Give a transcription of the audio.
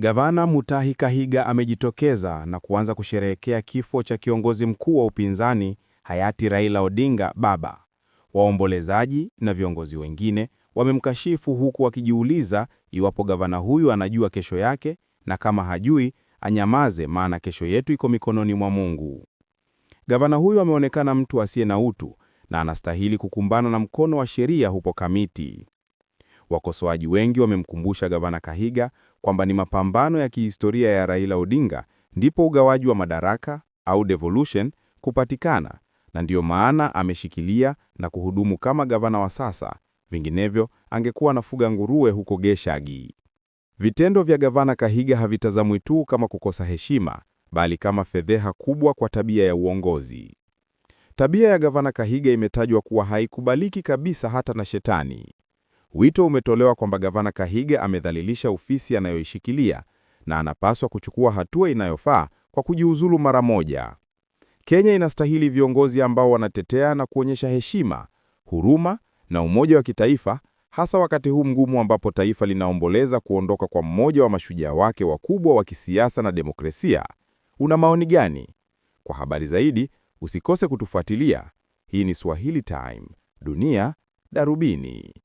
Gavana Mutahi Kahiga amejitokeza na kuanza kusherehekea kifo cha kiongozi mkuu wa upinzani hayati Raila Odinga Baba. Waombolezaji na viongozi wengine wamemkashifu huku wakijiuliza iwapo gavana huyu anajua kesho yake na kama hajui anyamaze maana kesho yetu iko mikononi mwa Mungu. Gavana huyu ameonekana mtu asiye na utu na anastahili kukumbana na mkono wa sheria huko Kamiti. Wakosoaji wengi wamemkumbusha Gavana Kahiga kwamba ni mapambano ya kihistoria ya Raila Odinga ndipo ugawaji wa madaraka au devolution kupatikana, na ndiyo maana ameshikilia na kuhudumu kama gavana wa sasa, vinginevyo angekuwa anafuga nguruwe huko Geshagi. Vitendo vya Gavana Kahiga havitazamwi tu kama kukosa heshima, bali kama fedheha kubwa kwa tabia ya uongozi. Tabia ya Gavana Kahiga imetajwa kuwa haikubaliki kabisa hata na Shetani. Wito umetolewa kwamba Gavana Kahiga amedhalilisha ofisi anayoishikilia na anapaswa kuchukua hatua inayofaa kwa kujiuzulu mara moja. Kenya inastahili viongozi ambao wanatetea na kuonyesha heshima, huruma na umoja wa kitaifa, hasa wakati huu mgumu ambapo taifa linaomboleza kuondoka kwa mmoja wa mashujaa wake wakubwa wa kisiasa na demokrasia. Una maoni gani? Kwa habari zaidi, usikose kutufuatilia. Hii ni Swahili Time. Dunia Darubini.